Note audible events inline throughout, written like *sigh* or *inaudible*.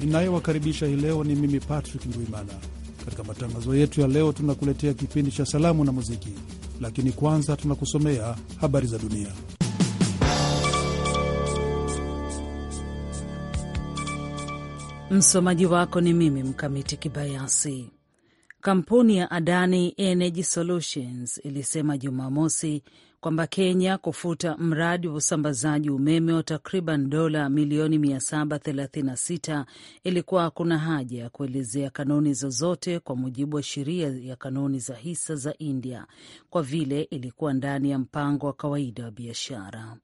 ninayewakaribisha hii leo ni mimi Patrick Ndwimana. Katika matangazo yetu ya leo, tunakuletea kipindi cha salamu na muziki, lakini kwanza tunakusomea habari za dunia. Msomaji wako ni mimi Mkamiti Kibayasi. Kampuni ya Adani Energy Solutions ilisema Jumamosi kwamba Kenya kufuta mradi wa usambazaji umeme wa takriban dola milioni 736 ilikuwa kuna haja ya kuelezea kanuni zozote kwa mujibu wa sheria ya kanuni za hisa za India kwa vile ilikuwa ndani ya mpango wa kawaida wa biashara.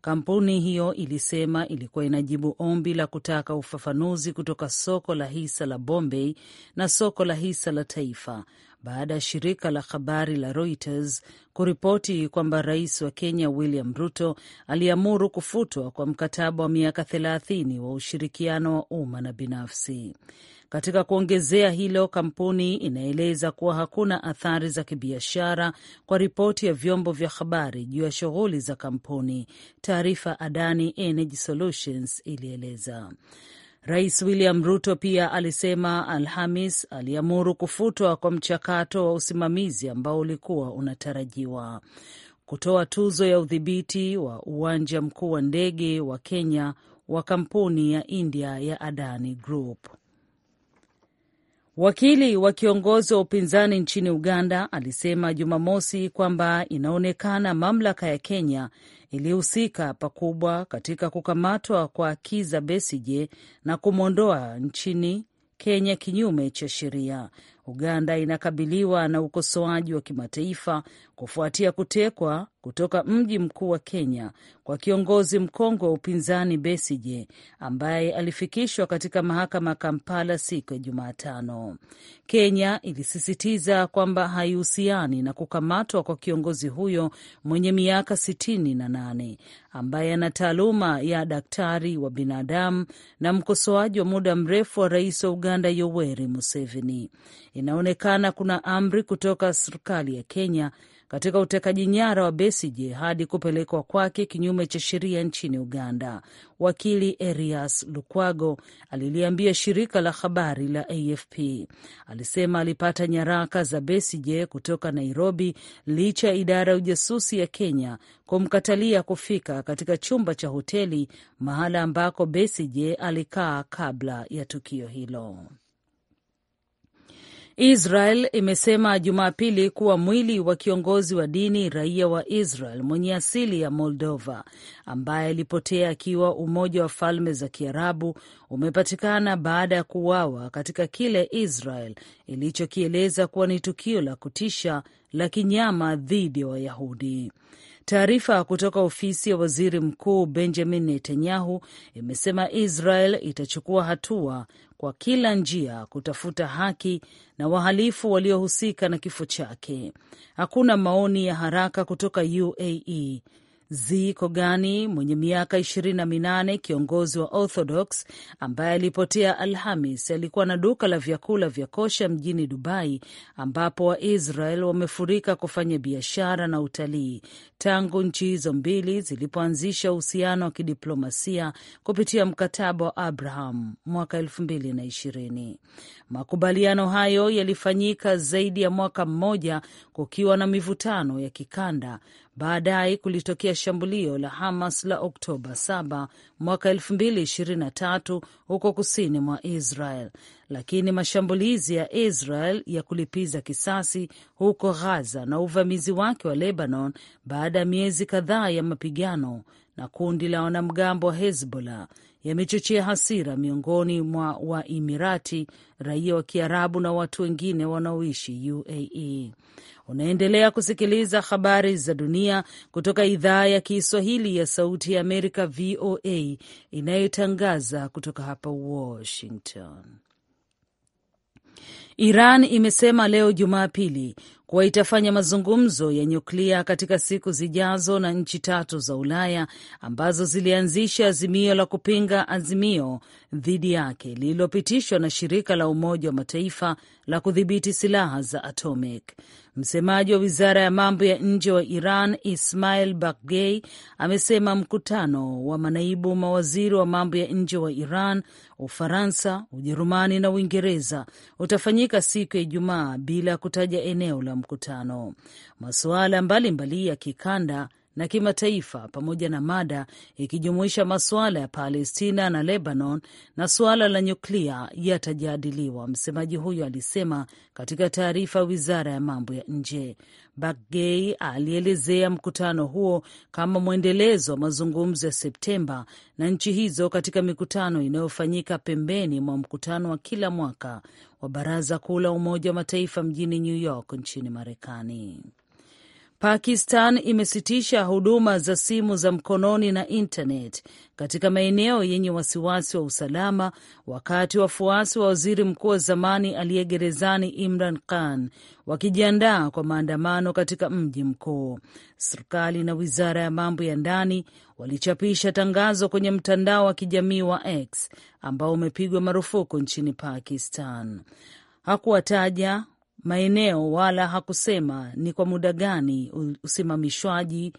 Kampuni hiyo ilisema ilikuwa inajibu ombi la kutaka ufafanuzi kutoka soko la hisa la Bombay na soko la hisa la taifa baada ya shirika la habari la Reuters kuripoti kwamba rais wa Kenya William Ruto aliamuru kufutwa kwa mkataba wa miaka thelathini wa ushirikiano wa umma na binafsi. Katika kuongezea hilo, kampuni inaeleza kuwa hakuna athari za kibiashara kwa ripoti ya vyombo vya habari juu ya shughuli za kampuni, taarifa Adani Energy Solutions ilieleza. Rais William Ruto pia alisema Alhamis aliamuru kufutwa kwa mchakato wa usimamizi ambao ulikuwa unatarajiwa kutoa tuzo ya udhibiti wa uwanja mkuu wa ndege wa Kenya wa kampuni ya India ya Adani Group. Wakili wa kiongozi wa upinzani nchini Uganda alisema Jumamosi kwamba inaonekana mamlaka ya Kenya ilihusika pakubwa katika kukamatwa kwa Kiza Besije na kumwondoa nchini Kenya kinyume cha sheria. Uganda inakabiliwa na ukosoaji wa kimataifa kufuatia kutekwa kutoka mji mkuu wa Kenya kwa kiongozi mkongwe wa upinzani Besigye ambaye alifikishwa katika mahakama ya Kampala siku ya Jumatano. Kenya ilisisitiza kwamba haihusiani na kukamatwa kwa kiongozi huyo mwenye miaka sitini na nane ambaye ana taaluma ya daktari wa binadamu na mkosoaji wa muda mrefu wa rais wa Uganda Yoweri Museveni. Inaonekana kuna amri kutoka serikali ya Kenya katika utekaji nyara wa besije hadi kupelekwa kwake kinyume cha sheria nchini Uganda. Wakili Erias Lukwago aliliambia shirika la habari la AFP alisema alipata nyaraka za besije kutoka Nairobi licha ya idara ya ujasusi ya Kenya kumkatalia kufika katika chumba cha hoteli mahala ambako besije alikaa kabla ya tukio hilo. Israel imesema Jumapili kuwa mwili wa kiongozi wa dini raia wa Israel mwenye asili ya Moldova ambaye alipotea akiwa Umoja wa Falme za Kiarabu umepatikana baada ya kuuawa katika kile Israel ilichokieleza kuwa ni tukio la kutisha la kinyama dhidi ya Wayahudi. Taarifa kutoka ofisi ya waziri mkuu Benjamin Netanyahu imesema Israel itachukua hatua kwa kila njia kutafuta haki na wahalifu waliohusika na kifo chake. Hakuna maoni ya haraka kutoka UAE ziko gani mwenye miaka ishirini na minane, kiongozi wa Orthodox ambaye alipotea Alhamis, alikuwa na duka la vyakula vya kosha mjini Dubai, ambapo Waisrael wamefurika kufanya biashara na utalii tangu nchi hizo mbili zilipoanzisha uhusiano wa kidiplomasia kupitia mkataba wa Abraham mwaka elfu mbili na ishirini. Makubaliano hayo yalifanyika zaidi ya mwaka mmoja kukiwa na mivutano ya kikanda. Baadaye kulitokea shambulio la Hamas la Oktoba 7 mwaka 2023 huko kusini mwa Israel, lakini mashambulizi ya Israel ya kulipiza kisasi huko Gaza na uvamizi wake wa Lebanon baada ya miezi kadhaa ya mapigano na kundi la wanamgambo wa Hezbollah yamechochea hasira miongoni mwa Waimirati, raia wa Kiarabu na watu wengine wanaoishi UAE. Unaendelea kusikiliza habari za dunia kutoka idhaa ya Kiswahili ya Sauti ya Amerika, VOA, inayotangaza kutoka hapa Washington. Iran imesema leo Jumapili kuwa itafanya mazungumzo ya nyuklia katika siku zijazo na nchi tatu za Ulaya ambazo zilianzisha azimio la kupinga azimio dhidi yake lililopitishwa na shirika la Umoja wa Mataifa la kudhibiti silaha za atomic. Msemaji wa wizara ya mambo ya nje wa Iran Ismail bakgey amesema mkutano wa manaibu mawaziri wa mambo ya nje wa Iran, Ufaransa, Ujerumani na Uingereza utafanyika siku ya Ijumaa bila kutaja eneo la mkutano. Masuala mbalimbali ya kikanda na kimataifa pamoja na mada ikijumuisha masuala ya Palestina na Lebanon na suala la nyuklia yatajadiliwa, msemaji huyo alisema katika taarifa ya wizara ya mambo ya nje. bakgey alielezea mkutano huo kama mwendelezo wa mazungumzo ya Septemba na nchi hizo katika mikutano inayofanyika pembeni mwa mkutano wa kila mwaka wa Baraza Kuu la Umoja wa Mataifa mjini New York nchini Marekani. Pakistan imesitisha huduma za simu za mkononi na intanet katika maeneo yenye wasiwasi wa usalama, wakati wafuasi wa waziri mkuu wa zamani aliye gerezani Imran Khan wakijiandaa kwa maandamano katika mji mkuu. Serikali na wizara ya mambo ya ndani walichapisha tangazo kwenye mtandao wa kijamii wa X ambao umepigwa marufuku nchini Pakistan. Hakuwataja maeneo wala hakusema ni kwa muda gani usimamishwaji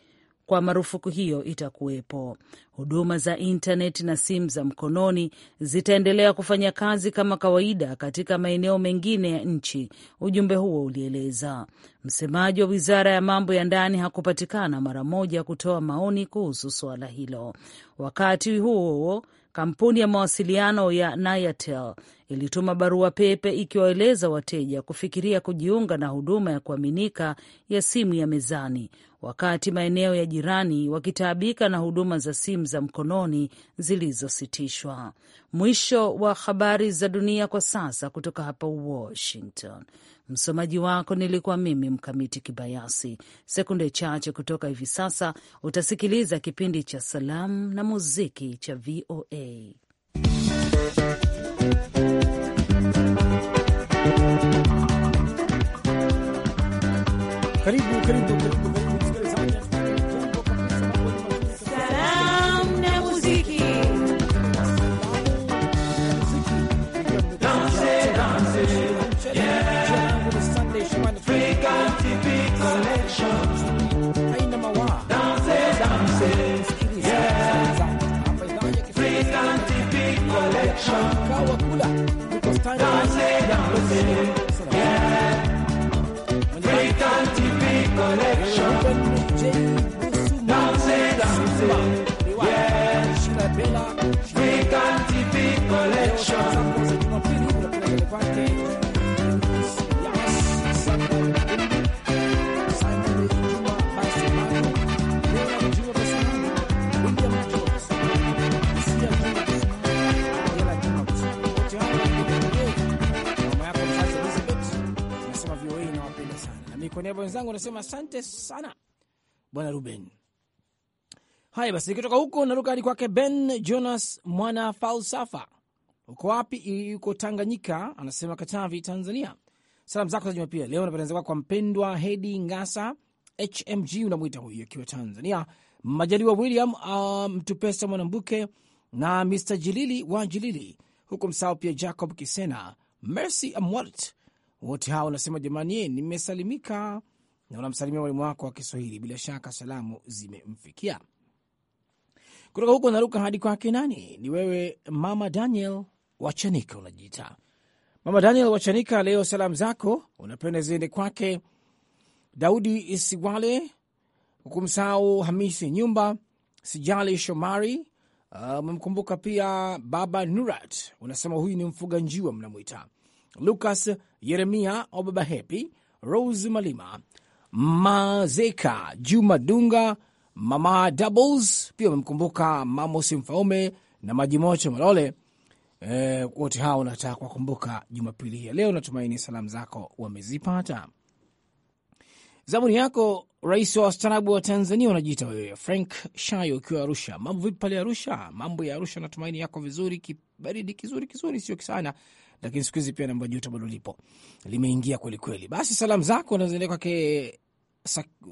kwa marufuku hiyo itakuwepo. Huduma za intaneti na simu za mkononi zitaendelea kufanya kazi kama kawaida katika maeneo mengine ya nchi, ujumbe huo ulieleza. Msemaji wa wizara ya mambo ya ndani hakupatikana mara moja kutoa maoni kuhusu suala hilo. Wakati huo huo, Kampuni ya mawasiliano ya Nayatel ilituma barua pepe ikiwaeleza wateja kufikiria kujiunga na huduma ya kuaminika ya simu ya mezani, wakati maeneo ya jirani wakitaabika na huduma za simu za mkononi zilizositishwa. Mwisho wa habari za dunia kwa sasa, kutoka hapa Washington. Msomaji wako nilikuwa mimi Mkamiti Kibayasi. Sekunde chache kutoka hivi sasa utasikiliza kipindi cha Salamu na Muziki cha VOA. Karibu, karibu, karibu wa kula Kwa niaba wenzangu nasema asante sana bwana Ruben. Haya basi, ikitoka huko naruka hadi kwake Ben Jonas, mwana falsafa. Uko wapi? Uko Tanganyika, anasema Katavi, Tanzania. Salamu zako za Jumapili leo napendeza kwa mpendwa Hedi Ngasa HMG unamwita huyu akiwa Tanzania, Majaliwa William uh, Mtupesa, um, Mwanambuke na Mr Jilili wa Jilili huku msao pia Jacob Kisena, Mercy Amwart wote hao wanasema jamani, ye nimesalimika na unamsalimia mwalimu wako wa Kiswahili. Bila shaka salamu zimemfikia kutoka huko. Naruka hadi kwake nani, ni wewe Mama Daniel Wachanika, unajiita Mama Daniel Wachanika. Leo salamu zako unapenda ziende kwake Daudi Isiwale, hukumsahau Hamisi Nyumba, Sijali Shomari. Uh, umemkumbuka uh, pia Baba Nurat, unasema huyu ni mfuga njiwa mnamwita Lukas Yeremia Obabahepi, Rose Malima, Mazeka Juma Dunga, Mama Doubles pia wamemkumbuka Mamosi Mfaume na Majimoto Malole. E, wote hao nataka kuwakumbuka Jumapili hii ya leo. Natumaini salamu zako wamezipata. Zamuni yako rais wa wastaarabu wa Tanzania unajiita wewe, Frank Shayo, ukiwa Arusha. Mambo vipi pale Arusha? Mambo ya Arusha natumaini yako vizuri, kibaridi kizuri kizuri, sio sana, lakini siku hizi pia namba joto bado lipo limeingia kwelikweli. Basi salamu zako unazoendea kwake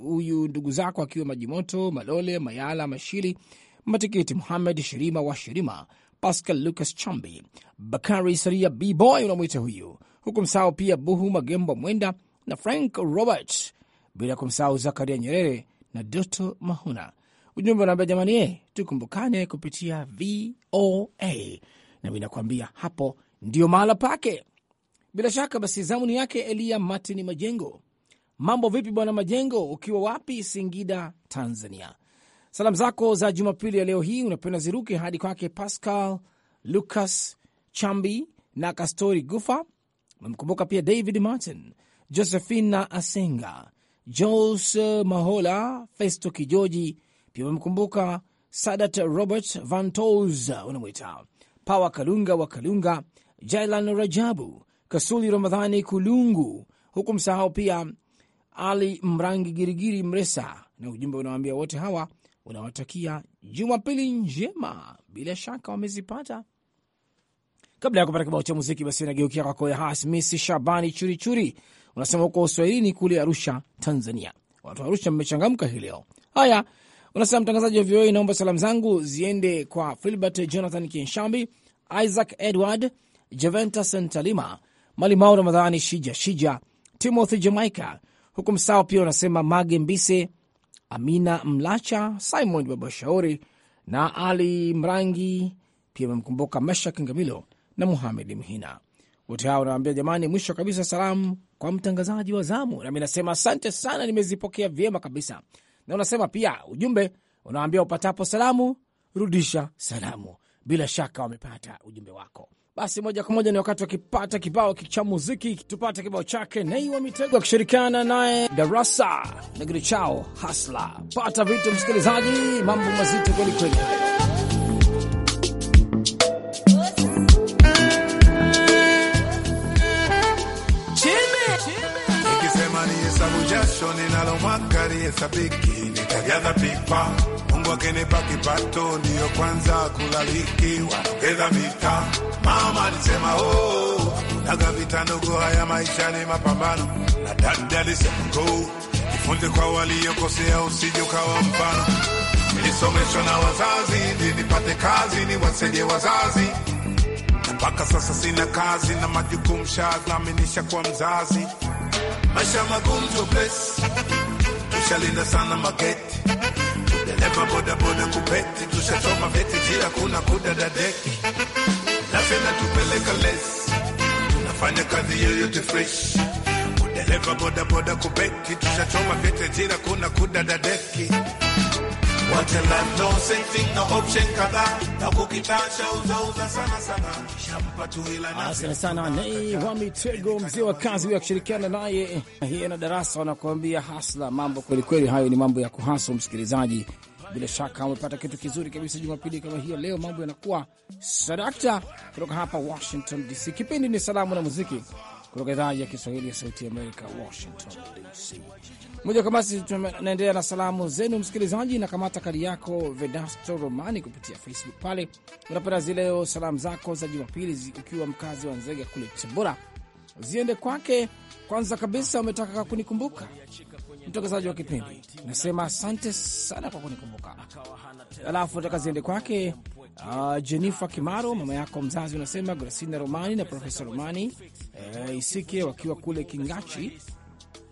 huyu ndugu zako akiwa Majimoto, Malole, Mayala, Mashili Matikiti, Muhamed Shirima wa Shirima, Pascal Lucas Chambi, Bakari Saria, Bboy unamwita huyu huku msao, pia Buhu Magembo Mwenda na Frank Robert bila kumsahau Zakaria Nyerere na Doto Mahuna. Ujumbe unaambia jamani, ye eh, tukumbukane kupitia VOA na minakwambia hapo ndiyo mahala pake. Bila shaka basi, zamuni yake Eliya Martin Majengo. Mambo vipi bwana Majengo, ukiwa wapi? Singida, Tanzania. Salamu zako za Jumapili ya leo hii unapenda ziruke hadi kwake Pascal Lucas Chambi na Kastori Gufa. Memkumbuka pia David Martin, Josephina Asenga jos Mahola, Festo Kijoji pia wamemkumbuka Sadat Robert Van Tols unamwita Pawa Kalunga wa Kalunga, Jailan Rajabu Kasuli, Ramadhani Kulungu, huku msahau pia Ali Mrangi Girigiri Mresa, na ujumbe unawaambia wote hawa unawatakia Jumapili njema. Bila shaka wamezipata. Kabla ya kupata kibao cha muziki, basi nageukia kwako Hasmisi Shabani Churichuri unasema uko uswahilini kule Arusha, Tanzania. Watu wa Arusha mmechangamka hii leo. Haya, unasema mtangazaji wa VOA, naomba salamu zangu ziende kwa Filbert Jonathan Kinshambi, Isaac Edward, Jeventa Ntalima, malimau Ramadhani, Shija Shija, Timothy Jamaica huku msawa. Pia unasema Mage Mbise, Amina Mlacha, Simon Baba Shauri na Ali Mrangi. Pia amemkumbuka Meshak Ngamilo na Muhamed Mhina. Wote hao nawaambia jamani, mwisho kabisa salamu kwa mtangazaji wa zamu, nami nasema asante sana, nimezipokea vyema kabisa. Na unasema pia ujumbe unawambia upatapo salamu rudisha salamu. Bila shaka wamepata ujumbe wako. Basi moja kwa moja ni wakati wakipata kibao cha muziki, tupate kibao chake Nay wa Mitego akishirikiana naye Darasa na kitu chao Hasla. Pata vitu msikilizaji, mambo mazito kwelikweli mwaka aliyesabiki nitajaza pipa. Mungu akinipa kipato ndiyo kwanza kulaliki, wanogeza vita. Mama alisema oh, naga vita ndogo, haya maisha ni mapambano. Na dada alisema go, oh, jifunze kwa waliokosea, usije ukawa mfano. Nilisomeshwa na wazazi ili nipate kazi, ni waseje wazazi mpaka sasa sina kazi na majukumu, shaadhaminisha kwa mzazi, maisha magumu tushalinda sana mageti, dereva bodaboda kupeti, tushasoma veti jira, kuna kudadadeki lafena tupeleka lesi, tunafanya kazi yoyote fresh dereva bodaboda kupeti, tushachoma vete jira, kuna kudadadeki Asante sana Nei wa Mitego, mzee wa kazi huyo akishirikiana naye hiye eh, na darasa wanakuambia hasla. Mambo kwelikweli, hayo ni mambo ya kuhasa. Msikilizaji, bila shaka umepata kitu kizuri kabisa Jumapili kama hiyo leo. Mambo yanakuwa sadakta kutoka hapa Washington DC. Kipindi ni salamu na muziki kutoka idhaa ya Kiswahili ya Sauti ya Amerika, Washington DC moja kwa basi, tunaendelea na salamu zenu msikilizaji, na kamata kadi yako Vedasto Romani kupitia Facebook pale unapenda zileo salamu zako za Jumapili ukiwa mkazi wa Nzega kule Tabora, ziende kwake. Kwanza kabisa umetaka kunikumbuka mtangazaji wa kipindi, nasema asante sana kwa kunikumbuka. Alafu nataka ziende kwake Uh, Jennifer Kimaro, mama yako mzazi unasema, Grasina Romani na Profesa Romani, uh, Isike wakiwa kule Kingachi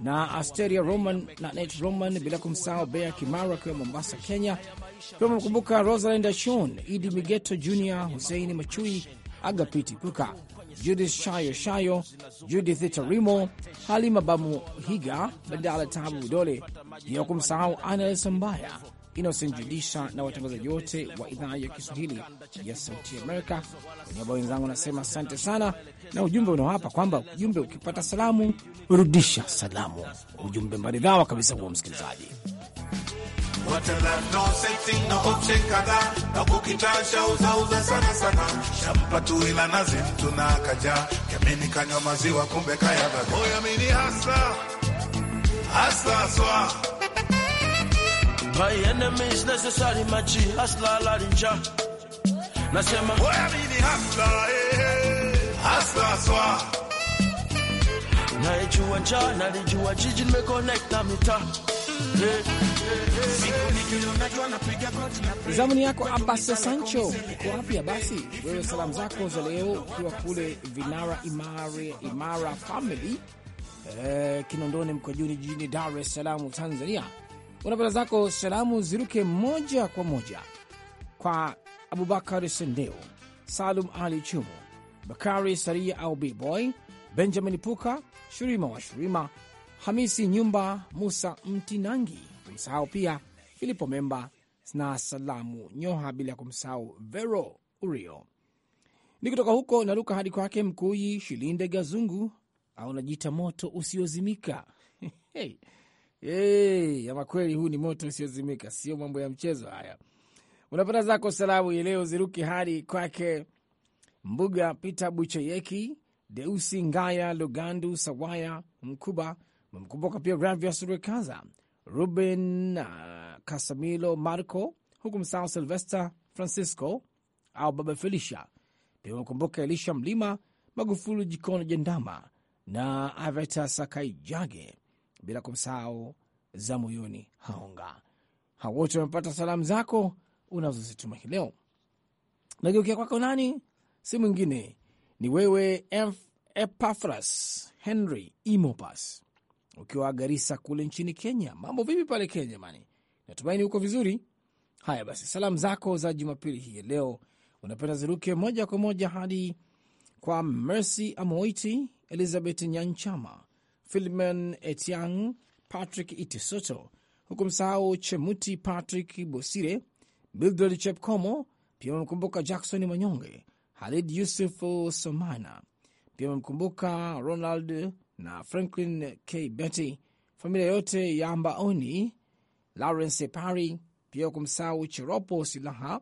na Asteria Roman na Net Roman, bila kumsahau Bea Kimaro akiwa Mombasa, Kenya. Pia amemkumbuka Rosalind Achon, Idi Migeto Jr, Huseini Machui, Agapiti Puka, Judith Shayo Shayo, Judith Tarimo, Halima Bamu Higa, Badala Tabu Dole, bila kumsahau Anel Sambaya inayosinjulisha na watangazaji wote wa idhaa ya Kiswahili ya Sauti Amerika. Kwa niaba wenzangu anasema asante sana, na ujumbe unaohapa kwamba ujumbe ukipata salamu rudisha salamu, ujumbe maridhawa kabisa huo, msikilizaji My enemy is necessary, my G, hasla la linja. Nasema, oya bibi hasla, eh, eh. hasla swa. Na Naijua njaa, nalijua jiji, nimeconnecta mita. Zamuni yako Abbas Sancho, uko wapya? Basi wewe salamu zako za leo ukiwa kule Vinara Imara, Imara Family eh, Kinondoni mko juni jijini Dar es Salaam, Tanzania unapata zako salamu ziruke moja kwa moja kwa Abubakar Sendeo, Salum Ali Chumu, Bakari Saria au Bboy, Benjamin Puka, Shurima wa Shurima, Hamisi Nyumba, Musa Mtinangi, kumsahau pia Filipo Memba na salamu Nyoha, bila ya kumsahau Vero Urio. Ni kutoka huko naruka hadi kwake Mkuyi Shilinde Gazungu, au najita moto usiozimika. *laughs* Hey, ama kweli huu ni moto usiozimika, sio mambo ya mchezo haya. Unapata zako salamu ileo ziruki hadi kwake Mbuga Peter Bucheyeki, Deusi Ngaya, Lugandu Sawaya Mkuba. Memkumbuka pia Gravias Rekaza, Ruben na uh, Casamilo Marco, huku msao Silvester Francisco au Baba Felisha, Pia mekumbuka Elisha Mlima, Magufuli Jikono Jendama na Aveta Sakaijage bila kumsahau za moyoni Haonga. Hao wote wamepata salamu zako unazozituma hii leo. Nageukia kwako, nani si mwingine, ni wewe Epafras Henry Imopas, ukiwa Garisa kule nchini Kenya. Mambo vipi pale Kenya mani? Natumaini uko vizuri. Haya basi, salamu zako za Jumapili hii leo unapenda ziruke moja kwa moja hadi kwa Mercy Amoiti, Elizabeth Nyanchama, Filman Etiang, Patrick Itisoto, huku msahau Chemuti Patrick Bosire, Bildred Chepkomo. Pia wamemkumbuka Jackson Manyonge, Halid Yusuf Somana. Pia wamemkumbuka Ronald na Franklin K Betty, familia yote ya Mbaoni, Lawrence Pari, Pia kumsahau Cheropo Silaha,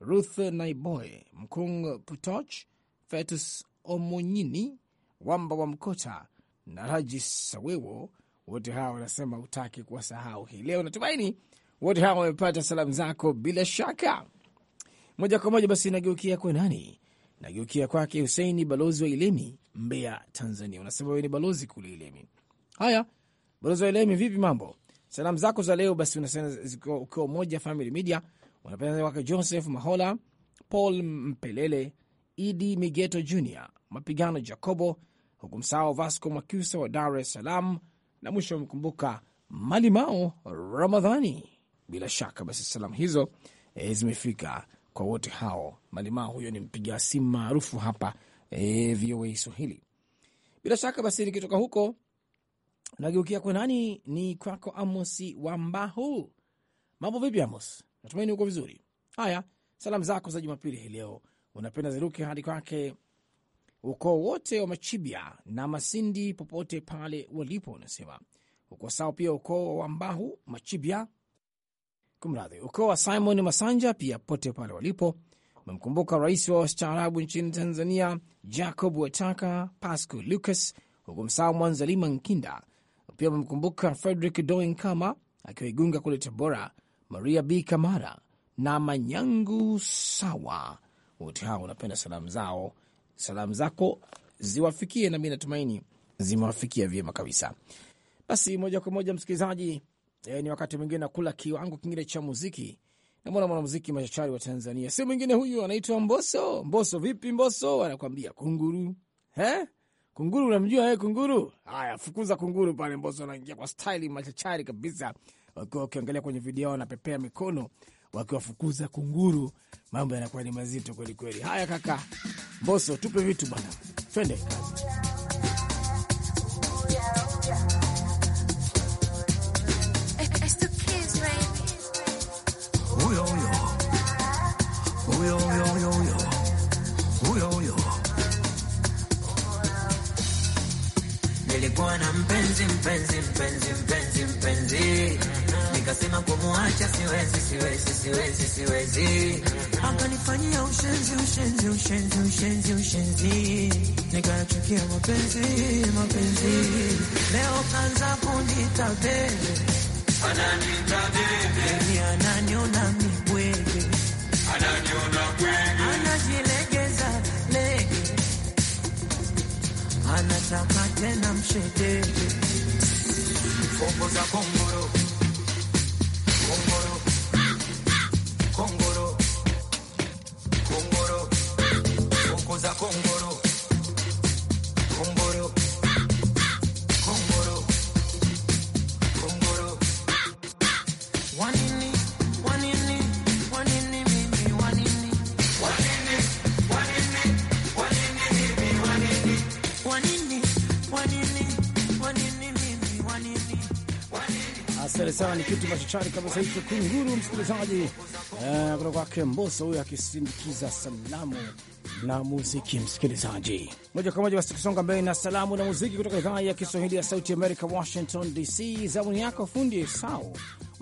Ruth Naiboe, Mkung Putoch, Fetus Omonyini, Wamba wa Mkota na Rajis Sawewo. Wote hawa wanasema utaki kuwasahau hii leo. Natumaini wote hawa wamepata salamu zako bila shaka. Moja kwa moja basi nageukia kwa nani? Nageukia kwake Huseini, balozi wa Ilemi, Mbeya, Tanzania. Unasema wewe ni balozi kule Ilemi. Haya, balozi wa Ilemi, vipi mambo? Salamu zako za leo basi unasema ukiwa Umoja Family Media, wanapenda wake Joseph Mahola, Paul Mpelele, Idi Migeto Jr, Mapigano Jacobo huku msao Vasco Mwakyusa wa Dar es Salaam na mwisho wamkumbuka Malimao Ramadhani. Bila shaka basi salamu hizo e, zimefika kwa wote hao. Malimao huyo ni mpiga simu maarufu hapa e, eh, VOA Swahili. Bila shaka basi nikitoka huko nageukia kwa nani? Ni kwako Amosi wa Mbahu. Mambo vipi Amos? Natumaini uko vizuri. Haya, salamu zako za Jumapili hii leo unapenda ziruke hadi kwake ukoo wote wa Machibia na Masindi popote pale walipo, unasema uko sawa. Pia ukoo wa Wambahu Machibia, kumradhi, ukoo wa Simon Masanja pia popote pale walipo. Umemkumbuka rais wa wastaarabu nchini Tanzania Jacob Wataka, Pasco Lucas, huku msaa Mwanzalima Nkinda. Pia umemkumbuka Frederick Doinkama akiwa Igunga kule Tabora, Maria B Kamara na Manyangu Sawa. Wote hao unapenda salamu zao Salamu zako ziwafikie, nami natumaini zimewafikia vyema kabisa. Basi moja kwa moja msikilizaji, e, ni wakati mwingine nakula kiwango kingine cha muziki. Namwona mwanamuziki machachari wa Tanzania, si mwingine huyu, anaitwa Mboso. Mboso vipi? Mboso anakwambia kunguru. He? Kunguru unamjua wewe kunguru? Haya, fukuza kunguru pale. Mboso anaingia kwa staili machachari kabisa, wakiwa wakiangalia kwenye video wanapepea mikono wakiwafukuza kunguru. Mambo yanakuwa ni mazito kwelikweli. Haya kaka Mboso, tupe vitu bwana, twende kazi. Nilikuwa na mpenzi mpenzi mpenzi mpenzi mpenzi nikasema kumwacha siwezi, siwezi, siwezi, siwezi. Akanifanyia ushenzi, ushenzi, ushenzi, ushenzi, ushenzi, nikachukia mapenzi, mapenzi. Leo kanza kunitabele, bebe, ananita bebe, ananiona mibwege, ananiona bwege, anajilegeza lege, anataka tena mshedege, foko za kongoro kitu machachari kabisa hicho kunguru, msikilizaji eh, kutoka kwake Mboso huyo akisindikiza salamu na muziki. Msikilizaji, moja kwa moja basi kusonga mbele na salamu na muziki kutoka idhaa ya Kiswahili ya Sauti Amerika, Washington DC. Zamuni yako fundi Sau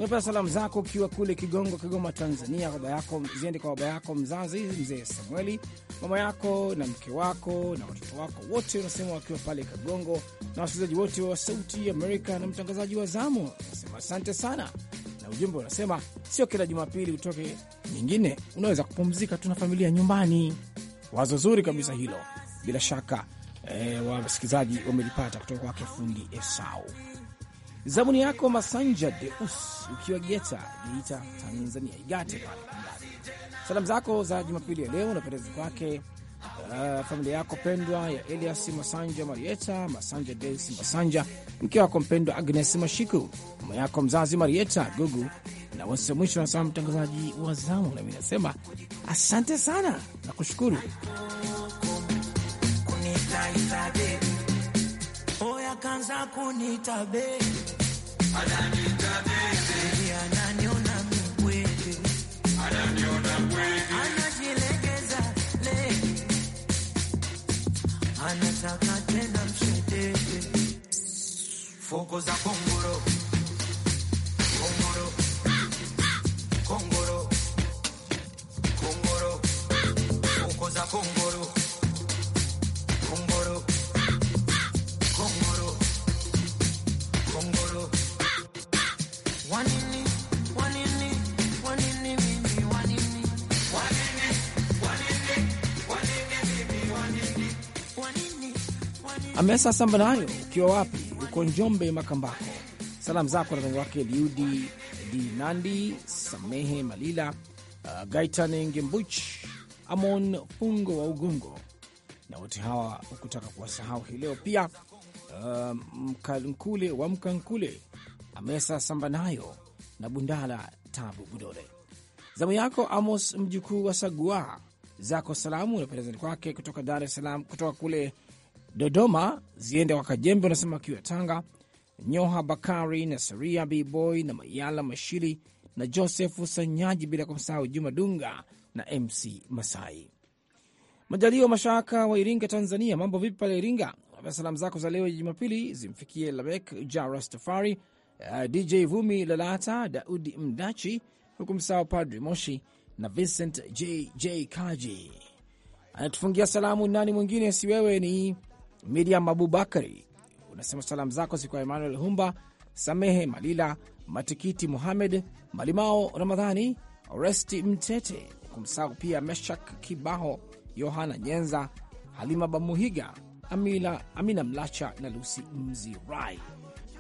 Unapewa salamu zako ukiwa kule Kigongo, Kigoma, Tanzania. Baba yako ziende kwa baba yako mzazi mzee Samueli, mama yako na mke wako na watoto wako wote, unasema wakiwa pale Kagongo, na wasikilizaji wote wa Sauti Amerika na mtangazaji wa zamu, unasema asante sana na ujumbe unasema sio kila Jumapili utoke nyingine, unaweza kupumzika tu na familia nyumbani. Wazo zuri kabisa hilo, bila shaka e, wasikilizaji wamelipata kutoka kwake Fundi Esau. Zamuni yako Masanja Deus ukiwa Geta Geita, Tanzania, Igate pale Salamu zako za Jumapili ya leo unapendeza kwake uh, familia yako pendwa ya Elias Masanja, Marieta Masanja, Deus Masanja, mke wako mpendwa Agnes Mashiku, mama yako mzazi Marieta Gugu na wasi wa mwisho. Anasema mtangazaji wa zamu, nami nasema asante sana na kushukuru Anza kunitabiri ananiona mkweli, anajilegeza anataka tena mshedede, fukuza kunguru Semesa Sambanayo, ukiwa wapi? Uko Njombe Makambako. Salamu zako na wake Liudi Nandi, Samehe Malila, uh, Gaitan Ngembuch, Amon Pungo wa Ugungo, na wote hawa ukutaka kuwasahau hii leo pia. Uh, Mkankule wa Mkankule, Amesa Sambanayo na Bundala Tabu Budole. Zamu yako Amos, mjukuu wa Sagua, zako salamu napendezani kwake kutoka Dar es Salaam, kutoka kule Dodoma, Zienda Wakajembe unasema akiwa Tanga, Nyoha Bakari na Saria Bboy na Mayala Mashili na Josefu Sanyaji, bila kumsahau Juma Dunga na MC Masai. Majalio Mashaka wa Iringa, Tanzania, mambo vipi pale Iringa? Salamu zako za leo Jumapili zimfikie Lamek Jarastafari, uh, eh, DJ Vumi Lalata, Daudi Mdachi, huku msao Padri Moshi na Vincent JJ Kaji. Anatufungia salamu nani mwingine si wewe, ni Miriam Abubakari unasema salamu zako zikuwa Emmanuel Humba, Samehe Malila, Matikiti Muhamed, Malimao Ramadhani, Oresti Mtete, kumsahau pia Meshak Kibaho, Yohana Nyenza, Halima Bamuhiga, Amila, Amina Mlacha na Lusi Mzirai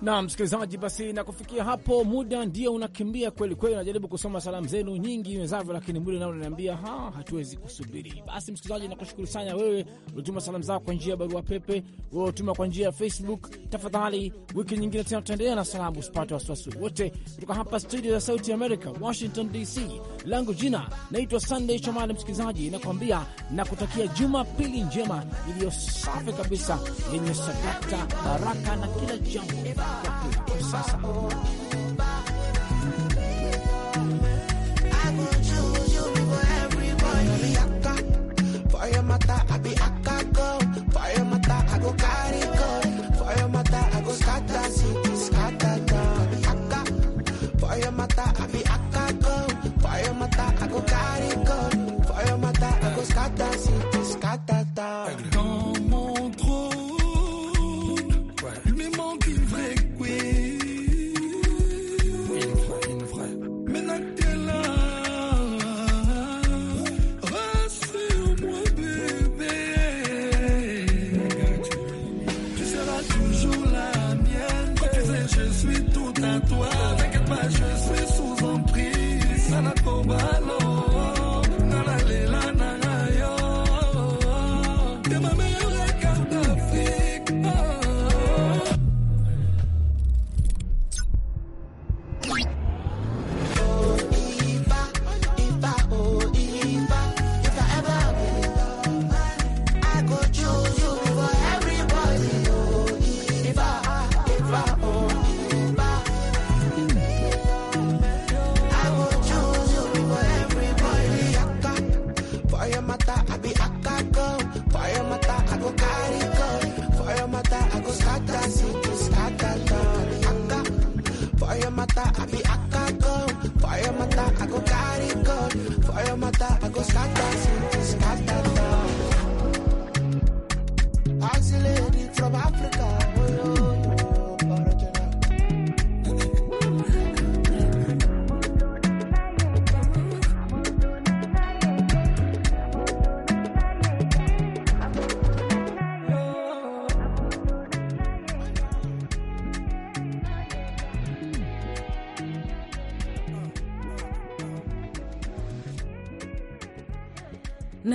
na msikilizaji, basi na kufikia hapo, muda ndio unakimbia kweli kweli. Najaribu kusoma salamu zenu nyingi wezavyo, lakini muda nao unaniambia ha, hatuwezi kusubiri. Basi msikilizaji, nakushukuru sana wewe ulituma salamu zako kwa njia ya barua pepe, wewe ulituma kwa njia ya Facebook. Tafadhali wiki nyingine tena tutaendelea na salamu, usipate wasiwasi wote. Kutoka hapa studio za Sauti America, Washington DC, langu jina naitwa Sunday Shomali. Msikilizaji, nakuambia na kutakia Jumapili njema iliyo safi kabisa yenye sadaka, baraka na kila jambo ya kiko oh.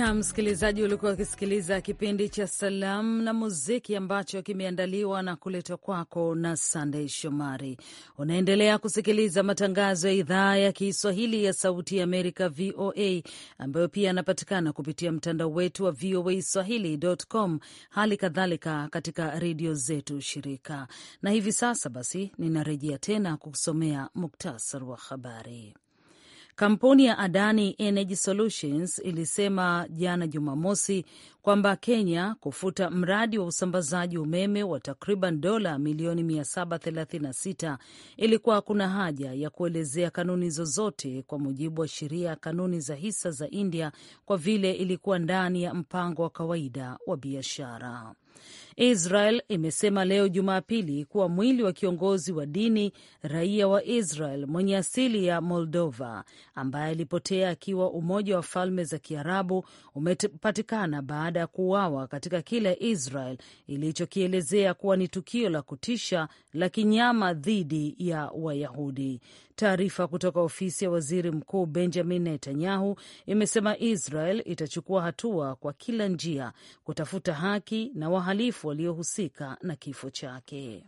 na msikilizaji, ulikuwa ukisikiliza kipindi cha Salamu na Muziki ambacho kimeandaliwa na kuletwa kwako na Sandey Shomari. Unaendelea kusikiliza matangazo ya idhaa ya Kiswahili ya Sauti ya Amerika, VOA, ambayo pia yanapatikana kupitia mtandao wetu wa VOA Swahili.com, hali kadhalika katika redio zetu shirika. Na hivi sasa basi, ninarejea tena kusomea muktasar wa habari. Kampuni ya Adani Energy Solutions ilisema jana Jumamosi kwamba Kenya kufuta mradi wa usambazaji umeme wa takriban dola milioni 736 ilikuwa kuna haja ya kuelezea kanuni zozote kwa mujibu wa sheria ya kanuni za hisa za India kwa vile ilikuwa ndani ya mpango wa kawaida wa biashara. Israel imesema leo Jumapili kuwa mwili wa kiongozi wa dini raia wa Israel mwenye asili ya Moldova ambaye alipotea akiwa Umoja wa Falme za Kiarabu umepatikana baada ya kuuawa katika kile Israel ilichokielezea kuwa ni tukio la kutisha la kinyama dhidi ya Wayahudi. Taarifa kutoka ofisi ya waziri mkuu Benjamin Netanyahu imesema Israel itachukua hatua kwa kila njia kutafuta haki na wahalifu waliohusika na kifo chake.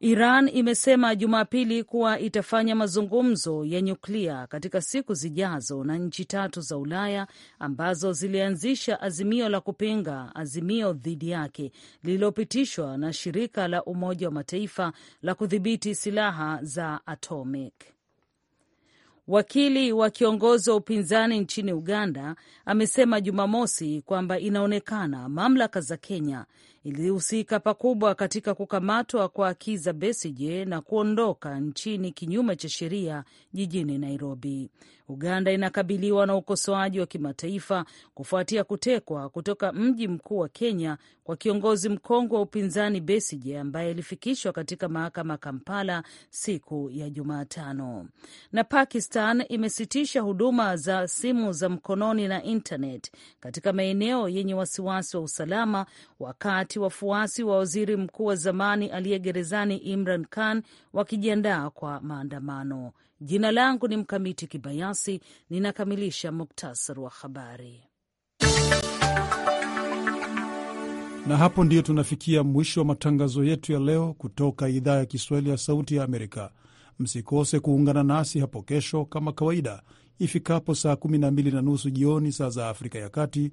Iran imesema Jumapili kuwa itafanya mazungumzo ya nyuklia katika siku zijazo na nchi tatu za Ulaya ambazo zilianzisha azimio la kupinga azimio dhidi yake lililopitishwa na shirika la Umoja wa Mataifa la kudhibiti silaha za atomic. Wakili wa kiongozi wa upinzani nchini Uganda amesema Jumamosi kwamba inaonekana mamlaka za Kenya ilihusika pakubwa katika kukamatwa kwa Kiza Besije na kuondoka nchini kinyume cha sheria jijini Nairobi. Uganda inakabiliwa na ukosoaji wa kimataifa kufuatia kutekwa kutoka mji mkuu wa Kenya kwa kiongozi mkongwe wa upinzani Besije ambaye alifikishwa katika mahakama Kampala siku ya Jumatano. Na Pakistan imesitisha huduma za simu za mkononi na intanet katika maeneo yenye wasiwasi wa usalama wakati wakati wafuasi wa waziri mkuu wa zamani aliye gerezani Imran Khan wakijiandaa kwa maandamano. Jina langu ni Mkamiti Kibayasi, ninakamilisha muktasari wa habari. Na hapo ndiyo tunafikia mwisho wa matangazo yetu ya leo kutoka idhaa ya Kiswahili ya Sauti ya Amerika. Msikose kuungana nasi hapo kesho kama kawaida ifikapo saa 12 na nusu jioni saa za Afrika ya Kati